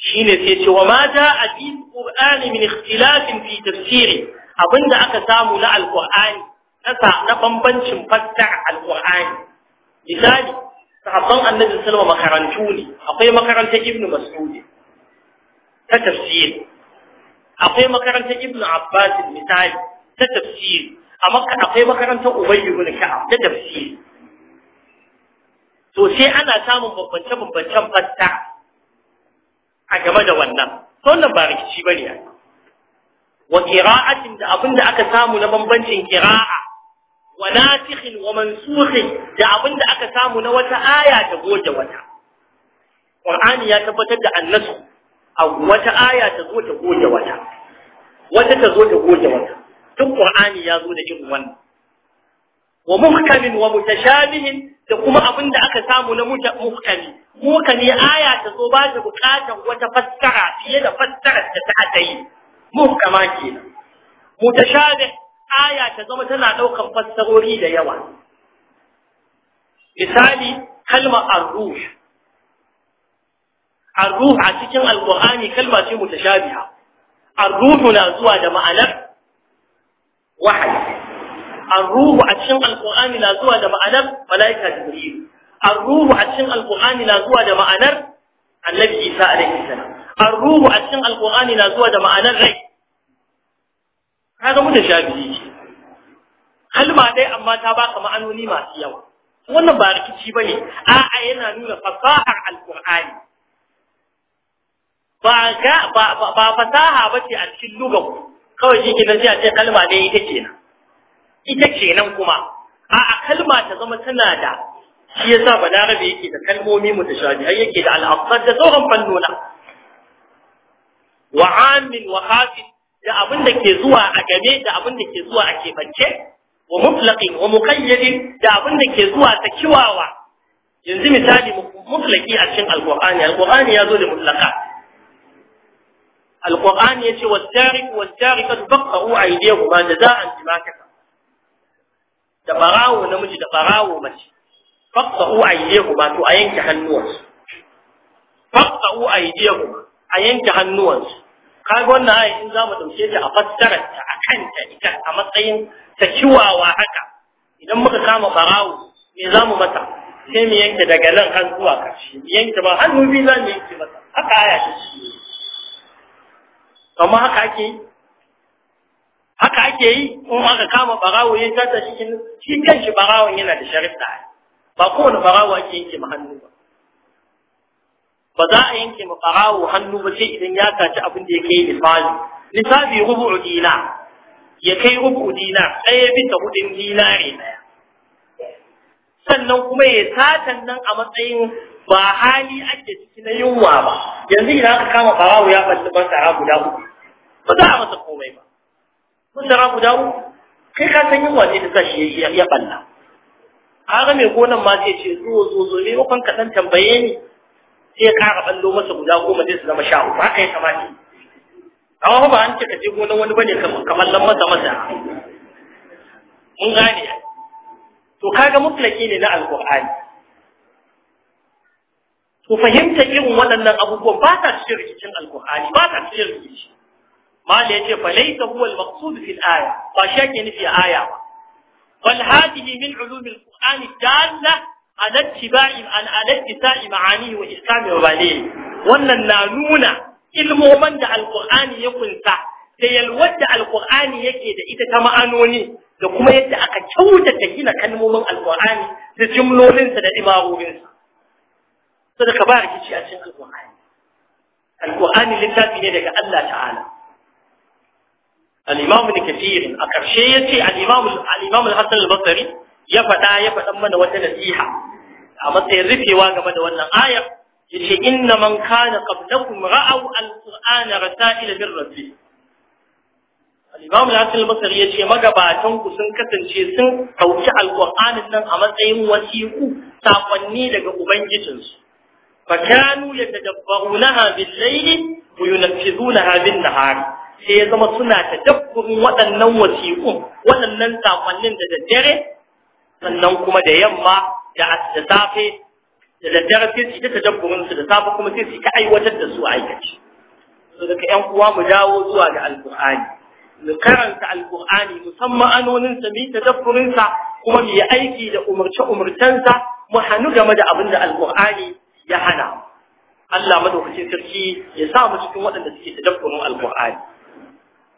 Shi ne sai ce wa ma ja'a fi qur'ani min ikhtilafin fi tafsiri abinda aka samu na alqur'ani kasa na bambancin fassara alqur'ani misali sahabban annabi salma makarantu ne akwai makarantar ibnu mas'ud ta tafsiri akwai makarantar ibnu abbas misali ta tafsiri a makka akwai makarantar ubayy ibn ka'ab ta tafsiri to sai ana samun bambance-bambancen fassara a game da wannan wannan ba rikici ba ne wa qira'atin da abinda aka samu na bambancin qira'a wa nasikhin wa mansukhin da abinda aka samu na wata aya ta goge wata Qur'ani ya tabbatar da annasu a wata aya ta zo ta goge wata wata ta zo ta goge wata duk Qur'ani ya zo da irin wannan wa muhkamin wa mutashabihin da kuma abin da aka samu na muhkami muhkami aya ta zo ba ta bukatar wata fassara fiye da fassarar da ta ta yi muhkama kenan mutashabih aya ta zama tana daukan fassarori da yawa misali kalmar ar-ruh ar-ruh a cikin alqur'ani kalma ce mutashabiha ar-ruh na zuwa da ma'anar wahayi الروح أتشن القرآن لا زوى دمعنر ملائكة جبريل الروح أتشن القرآن لا زوى دمعنر النبي إيسى عليه السلام الروح أتشن القرآن لا زوى دمعنر غير هذا متشابه kalma dai amma ta baka ma'anoni masu yawa wannan ba rikici ba ne a'a yana nuna fasahar alkur'ani ba ga ba fasaha ba ce a cikin lugaku kawai shi kenan sai a ce kalma dai ita kenan ita kenan kuma a kalma ta zama tana da shi yasa balarabe yake da kalmomi mutashabihai yake da al'afsar da sauran fannona wa amin wa hafiz da abin da ke zuwa a game da abin da ke zuwa a kebance wa mutlaqin wa muqayyadin da abin da ke zuwa ta kiwawa yanzu misali mutlaqi a cikin alqur'ani alqur'ani ya zo da mutlaqa alqur'ani yace was tariq was tariqatu faqahu aydihuma jaza'an bima kasab da barawo namiji da barawo mace faqta'u aydihuma to a yanke hannuwansu faqta'u aydihuma a yanke hannuwansu ga wannan ayi in zamu dauke ta a fassara ta akan ta ita a matsayin ta kiwawa haka idan muka kama barawo me zamu mata sai mu yanke daga nan har zuwa karshe mu yanke ba hannu biyu za mu yanke mata haka aya ce kamar haka ake haka ake yi in aka kama barawo ya tata cikin shi kanshi barawon yana da sharifta ba kowane barawo ake yanke ma hannu ba ba za a yanke ma barawo hannu ba sai idan ya tace abin da ya kai misali misali rubu'u dina ya kai rubu'u dina ɗaya bisa hudun dinari ɗaya sannan kuma ya satan nan a matsayin ba hali ake ciki na yunwa ba yanzu idan aka kama barawo ya ɓalli ban guda uku ba za a masa komai ba da guda uku kai ka san yunwa ce ta sa shi ya balla kaga mai gonan ma sai ce zo zo zo ne makon ka dan tambaye ni sai ka ga ballo masa guda goma sai su zama sha uku haka ya kamata amma ba an ce ka je gonan wani bane kamar lamma masa masa mun gane to kaga mutlaki ne na alqur'ani to fahimta irin waɗannan abubuwan ba ta cikin rikicin alkur'ani ba ta cikin rikici malai ce fa laysa huwa al-maqsud fi al-aya fa shaki ni fi aya ba bal hadhihi min ulum al-quran dalla ala ittiba'i an ala ittisa'i ma'ani wa ihkami wa balighi wannan na nuna ilmoman da al-quran ya kunta da yalwata al-quran yake da ita ta ma'anoni da kuma yadda aka kyautata ta gina kalmomin al-quran da jumlolinsa da imarorinsa sadaka ba rikici a cikin al-quran al-quran littafi ne daga Allah ta'ala al-imam a ƙarshe yace ce imam al-imam ya fada ya fadan mana wata nasiha a matsayin rufewa game da wannan ayar yace inna man kana qablakum ra'aw al-qur'ana rasail min rabbi al-imam al-hasan al-basri yace magabatan ku sun kasance sun dauki al nan a matsayin wasiku sakonni daga ubangijinsu fakanu yatadabbarunaha bil-layli wa yunaffizunaha bin-nahari sai ya zama suna ta dabburin waɗannan wasiƙun waɗannan sakonnin da daddare sannan kuma da yamma da da safe da daddare sai su ta tadabburin su da safe kuma sai su ta aiwatar da su aikace so daga ƴan uwa mu dawo zuwa ga alƙur'ani mu karanta alƙur'ani musamman anonin sa mu yi kuma mu yi aiki da umarce umarcensa mu hannu game da abin da alƙur'ani ya hana Allah madaukakin sarki ya sa mu cikin waɗanda suke tadabburin alƙur'ani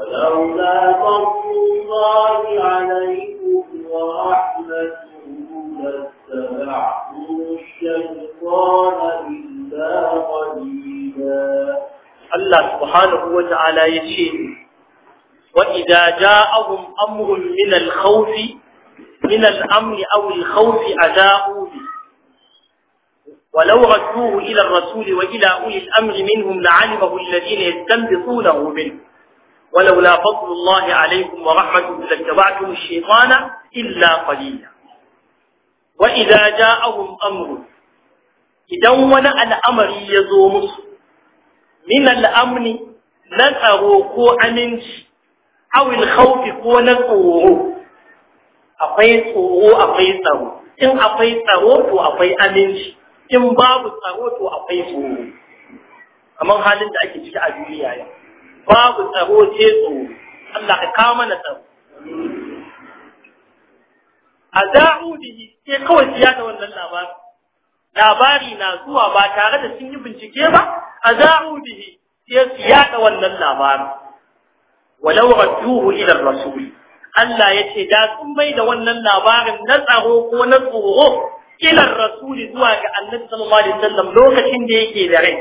ولولا فضل الله عليكم ورحمته الشيطان إلا قليلا سبحانه وتعالى يشير وإذا جاءهم أمر من الخوف من الأمن أو الخوف أداؤوا ولو ردوه إلى الرسول وإلى أولي الأمر منهم لعلمه الذين يستنبطونه منه ولولا فضل الله عليكم ورحمته لاتبعتم الشيطان إلا قليلا وإذا جاءهم أمر إذا ونأى الأمر يزوم من الأمن نذروا كو أمنش أو الخوف كو نذروا أقيت أقيت إن أقيت أقيت أقيت in babu tsaro to akwai tsoro kamar halin da ake ciki a duniya ya, babu tsaro sai tsoro Allah ka kawo mana tsaro a za'u bihi ke kawai siya da wannan labarin labari na zuwa ba tare da sun yi bincike ba a za'u bihi ke su da wannan labarin walau radduhu ila rasuli Allah ya ce da sun bai da wannan labarin na tsaro ko na tsoro ilar rasuli zuwa ga annabi sallallahu alaihi wasallam lokacin da yake da rai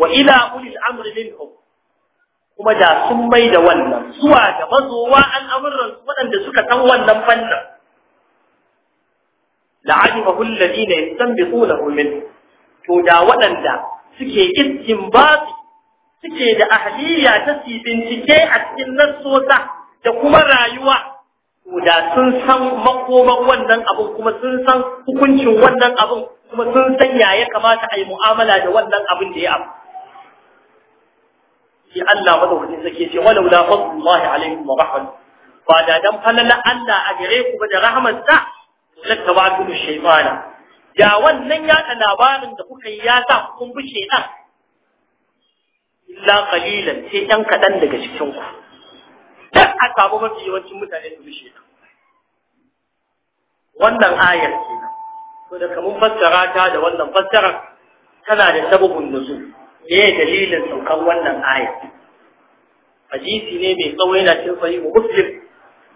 wa ila ulil amri minhum kuma da sun mai da wannan zuwa ga mazowa al'amuran waɗanda suka san wannan fannin la'alimahu alladhina yastanbitunahu min to da waɗanda suke istinbati suke da ahliya ta su cike, a cikin nassosa da kuma rayuwa da sun san makoman wannan abin kuma sun san hukuncin wannan abin kuma sun san ya ya kamata a yi mu'amala da wannan abin da ya abu shi Allah madaukakin zake ce walau la fadlullahi alaihi wa rahman. ba da dan falala Allah a gare ku ba da ba lakabatu shaytana da wannan yaɗa labarin da kuka yi ya sa kun bi shaytan illa qalilan sai ɗan kaɗan daga cikin ku dan a samu mafi yawancin mutane su bi shaidu wannan ayar kenan to da kamun fassara ta da wannan fassara tana da sababin nuzul ne dalilin saukan wannan ayar hadisi ne mai tsawo yana cikin sahihu muslim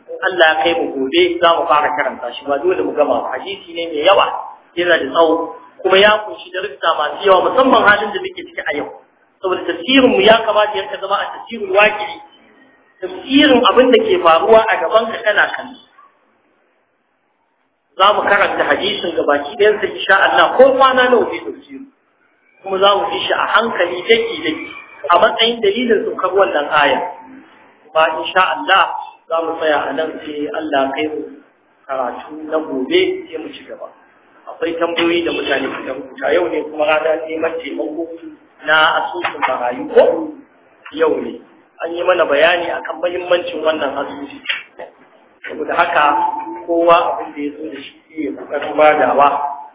in Allah ya kai mu gobe za mu fara karanta shi ba dole mu gama hadisi ne mai yawa yana da tsawo kuma ya kunshi darussa masu yawa musamman halin da muke ciki a yau saboda tasirinmu mu ya kamata ya zama a tasirin wakili. tafsirin abin da ke faruwa a gaban ka kana kan za mu karanta hadisin ga baki ɗayansa insha Allah ko kwana nawa ne tafsiri kuma za mu yi shi a hankali daki daki a matsayin dalilin sukar wannan aya ba insha Allah za mu tsaya a nan sai Allah kai mu karatu na gobe sai mu ci gaba akwai tambayoyi da mutane su rubuta yau ne kuma rana neman taimako na asusun marayu ko yau ne an yi mana bayani akan mahimmancin wannan asusi saboda haka kowa abin da ya zo da shi ya kokarin badawa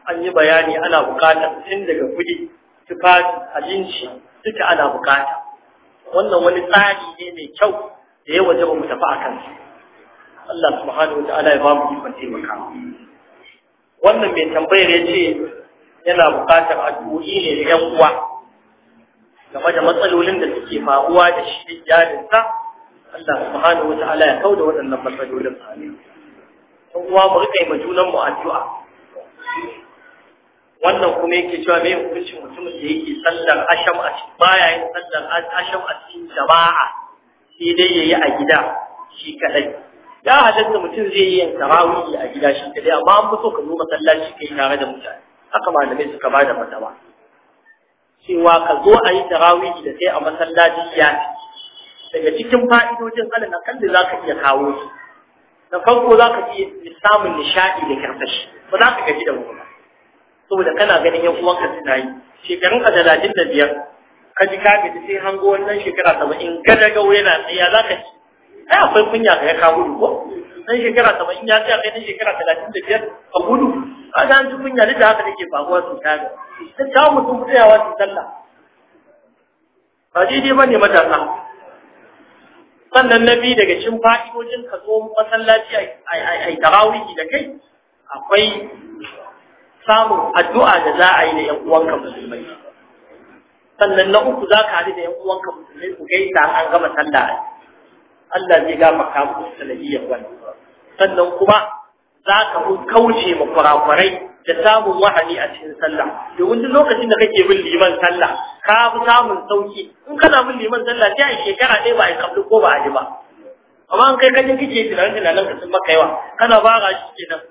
an yi bayani ana bukata tun daga kuɗi tufafi abinci duka ana bukata wannan wani tsari ne mai kyau da ya waje mu tafi akan su Allah subhanahu wa ta'ala ya ba mu ikon taimaka wannan mai tambayar ya ce yana bukatar addu'o'i ne da yan uwa game da matsalolin da suke faruwa da shi iyalinsa Allah subhanahu wataala ya kauda waɗannan matsalolin amin ko uwa mu rika ma junan mu addu'a wannan kuma yake cewa me hukuncin mutumin da yake sallar asham a cikin baya yin sallar asham a cikin jama'a sai dai yayi a gida shi kadai ya halatta mutum zai yi yin tarawih a gida shi kadai amma an so ka zo masallaci kai tare da mutane haka malamai suka da fatawa cewa ka zo a yi tarawihi da kai a masallaci ya daga cikin fa'idojin alal na za ka iya kawo su na farko za ka iya samun nishaɗi da karfashi ba za ka gaji da wuri ba saboda kana ganin yan uwanka suna yi shekarun ka talatin da biyar ka ji ka gaji sai hango wannan shekara saba'in gada gawo yana tsaya za ka ci ai akwai kunya ka ya kawo ko dan shekara saba'in ya tsaya kai dan shekara talatin da biyar a gudu a ga an ci kunya duk da haka ke faruwa su kaga ta kawo mutum tsayawa su talla? ba daidai ba ne matasa sannan na biyu daga cin fa'idojin ka zo masallaci a tarawihi da kai akwai samun addu'a da za a yi da ‘yan uwanka musulmai sannan na uku za ka haɗu da ‘yan uwanka musulmai ku gaisa an gama sallah Allah zai gafarta muku sanadiyyar wannan sannan kuma za ka kauce ma kurakurai da samun wahani a cikin sallah domin duk lokacin da kake bin liman sallah ka fi samun sauki in kana bin liman sallah sai a shekara ɗaya ba a yi kafin ko ba a ji ba amma an kai kajin kike tunanin tunanin ka sun maka yawa kana fara shi kenan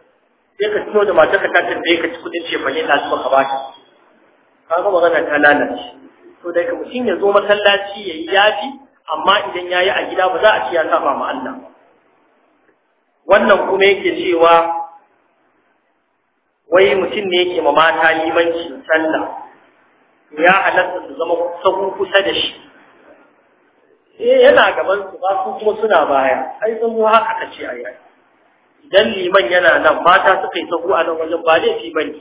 sai ka tuno da matar ka ta tambaye ka ci kudin shefa ne ta su maka ba ta ka ga magana ta lalace to da ka mutum ya zo masallaci ya yi yafi amma idan ya yi a gida ba za a ci ya saba ma Allah wannan kuma yake cewa wai mutum ne yake ma mata limanci sallah ya halatta su zama sahu kusa da shi eh yana gaban su ba su kuma suna baya ai sun zo haka ka ce ai idan liman yana nan mata suka yi sahu a nan wajen ba laifi bane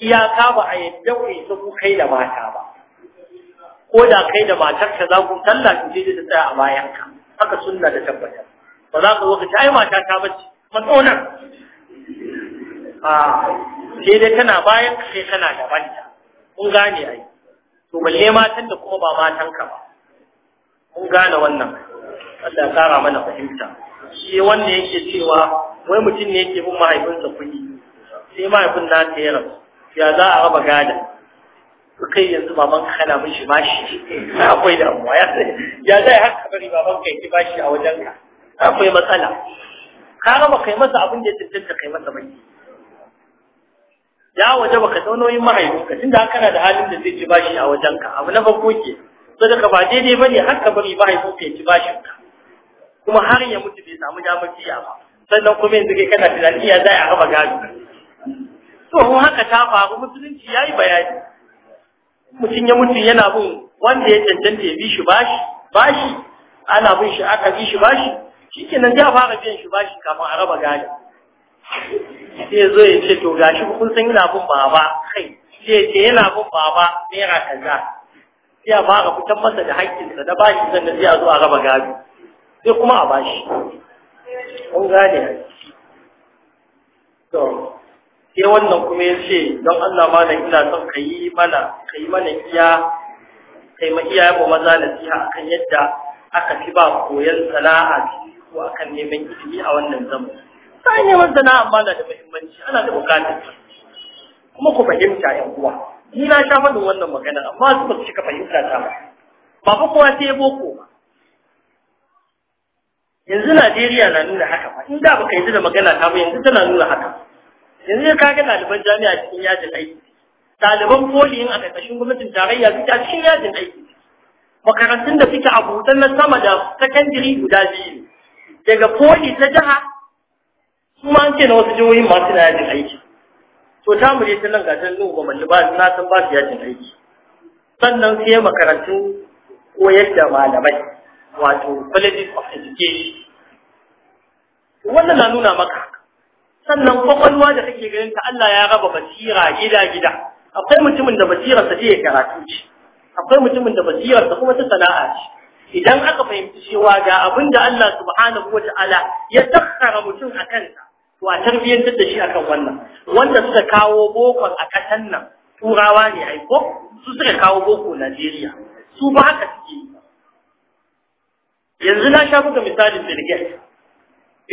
iyaka ba a yadda kai yi sahu kai da mata ba ko da kai da matarka za ku talla ki je da tsaya a bayanka haka sunna da tabbatar ba za ka zo ka ci ai mata ta bace matsonar a sai dai tana bayan ka sai kana banta, mun gane ai to balle matan da kuma ba matan ka ba mun gane wannan Allah ya kara mana fahimta shi wanda yake cewa wai mutum ne yake bin mahaifinsa kuɗi sai mahaifin na ta yi rasu ya za a raba gada to kai yanzu baban ka kana mishi bashi akwai da amma ya ya zai haka bari baban ka yi bashi a wajen ka akwai matsala ka raba kai masa abin da ya cancanta kai masa bai ya waje baka daunoyin mahaifinka tunda kana da halin da zai ci bashi a wajen ka abu na farko ke so daga ba daidai bane haka ka bari haifu ka ci bashin ka kuma har ya mutu bai samu damar biya ba sannan kuma yanzu kai kana tunani, ya zai a raba gado to haka ta faru musulunci yayi bayani mutum ya mutu yana bin wanda ya cancanta ya bi shi bashi bashi ana bin shi aka bi shi bashi shikenan ya fara biyan shi bashi kafin a raba gado sai ya zo ya ce to gashi kun san ina bin baba kai sai ce yana bin baba naira kaza sai ya fara fitan masa da haƙƙinsa da bashi sannan sai a zo a raba gado sai kuma a bashi kun gane wannan kuma ya ce don Allah ma na ina son ka yi mana ka yi mana iya kai ma iya yabo maza a akan yadda aka fi ba koyon sana'a ko akan neman ilimi a wannan zaman yi neman sana'a amma na da muhimmanci ana da bukatar kuma ku fahimta yan uwa ni na sha faɗin wannan magana amma su ba su cika fahimta ta ba ba fa kowa sai ya boko ba yanzu Najeriya na nuna haka ba in da baka yanzu da magana ta ba yanzu tana nuna haka yanzu ya kage ɗaliban jami'a cikin yajin aiki ɗaliban yin a ƙarƙashin gwamnatin tarayya suke a cikin yajin aiki makarantun da suke a buɗe na sama da sakandiri guda biyu daga foli ta jiha su ma an ce na wasu jihohin masu na yajin aiki to ta mu ta nan gasar nuhu ba malli ba na san ba su yajin aiki sannan sai makarantun koyar da malamai wato colleges of education wannan na nuna maka sannan kwakwalwa da kake ganin ta Allah ya raba basira gida gida akwai mutumin da basirarsa iya karatu ce akwai mutumin da basirarsa kuma ta sana'a ce idan aka fahimci cewa ga abin da Allah subhanahu Ta'ala ya sakkara mutum a kansa to a tarbiyyantar da shi akan wannan wanda suka kawo bokon a ƙasar nan turawa ne aiko su suka kawo boko Najeriya su ba haka suke yanzu na sha buga misalin Bill Gates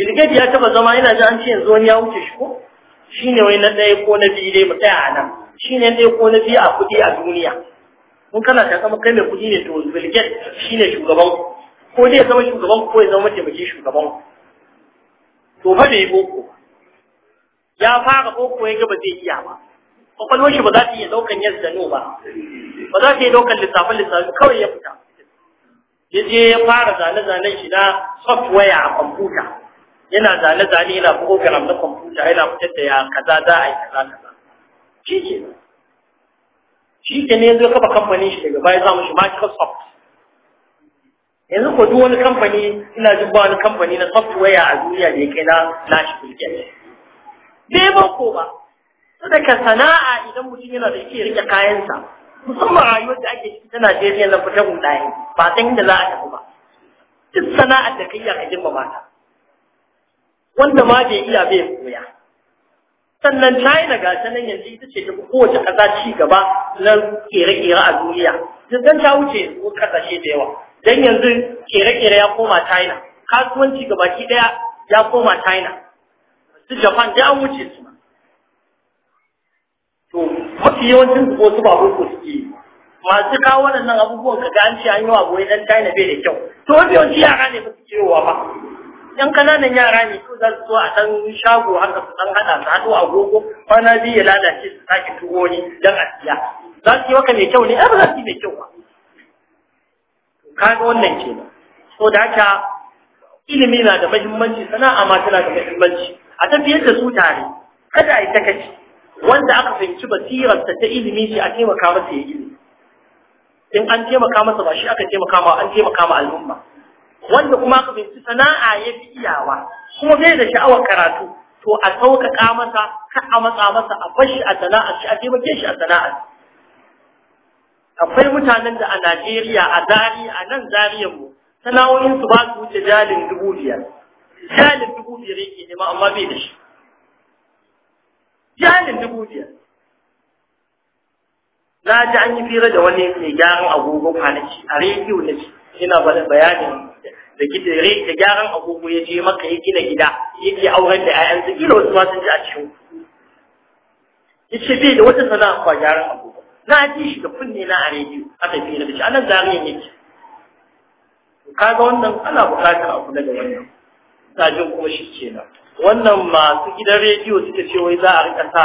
bilgadi ya taba zama yana ji an ce yanzu wani ya wuce shi ko shine wai na ɗaya ko na biyu dai mu tsaya a nan shine ɗaya ko na biyu a kuɗi a duniya mun kana ta zama kai mai kuɗi ne to shi shine shugaban ku ko dai ya zama shugaban ko ya zama mataimakin shugaban ku to fa bai boko ya fara boko ya ga ba zai iya ba kwakwalwar shi ba za ta iya ɗaukan yes da no ba ba za ta iya ɗaukan lissafin lissafin kawai ya fita ya je ya fara zane-zanen shi na software a kwamfuta yana zane zane yana program na kwamfuta yana fitar da ya kaza za a yi kaza kaza shi ke shi ke ne yanzu kafa kamfanin shi daga baya za mu shi Microsoft yanzu ko duk wani kamfani ina jin ba wani kamfani na software a duniya da ya kai na nashi kulkiyar Ne ba ko ba daga sana'a idan mutum yana da shi rike kayansa musamman rayuwar da ake ciki ta Najeriya na fitar hudaye ba san inda za a tafi ba duk sana'ar da kai ya ka girmama mata wanda ma bai iya bai koya sannan china ga ta nan yanzu ita ce ta kowace ƙasa ci gaba na kere-kere a duniya zan ta wuce ƙasashe da yawa dan yanzu kere-kere ya koma china kasuwanci gabaki ɗaya ya koma china su japan ya an wuce su to mafi yawancin su wasu ba boko suke masu kawo nan abubuwan ka ga an ce an yi wa boye dan China bai da kyau to mafi yawanci yara ne ba su kewa ba yan kananan yara ne su za zo a san shago haka su san hada su haɗu agogo kwana biyu ya lalace su sake tuwo ne don a siya za su yi maka mai kyau ne ba za su yi mai kyau ba kaga wannan ba? so da haka ilimi na da mahimmanci sana'a ma tana da mahimmanci a tafiyar da su tare kada a yi takaci wanda aka fahimci basirarsa ta ilimi shi a taimaka masa ya ilimi in an taimaka masa ba shi aka taimaka ma an taimaka ma al'umma wanda kuma ka bai sana'a ya fi iyawa kuma bai da sha'awar karatu to a sauƙaƙa masa ka a matsa masa a bashi a sana'a shi a taimake shi a sana'a akwai mutanen da a Najeriya a zari a nan zariyar mu sana'o'in su ba su wuce jalin dubu biyar jalin dubu biyar yake nema amma bai da shi jalin dubu biyar na ji an yi fira da wani mai gyaran agogo kwanaki a rediyo na ci ina bayanin da gidare da gyaran agogo ya je maka ya gina gida yake auren da ƴaƴan su kila wasu ma sun ji a cikin Ya ce, bai da wata sana'a kwa gyaran agogo na ji shi da kunne na a rediyo aka fi na Zariya anan zariyan yake ga wannan ana bukatar abu daga wannan jin kuma shi kenan wannan masu gidan rediyo suka ce wai za a rika sa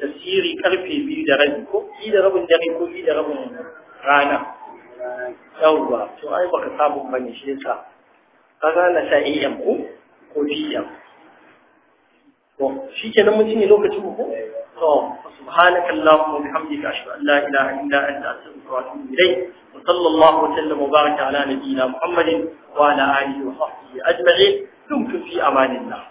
tasiri karfe biyu da rabi ko biyu da rabin dare ko biyu da rabin rana yawwa to ai baka samu bane shi yasa ka gane sa AM ko ko PM to shi kenan mun cinye lokacin mu ko to subhanaka allahumma wa bihamdika ashhadu an la ilaha illa anta astaghfiruka wa atubu ilayk wa sallallahu wa sallam wa baraka ala nabiyyina muhammadin wa ala alihi wa sahbihi ajma'in dumtum fi amanillah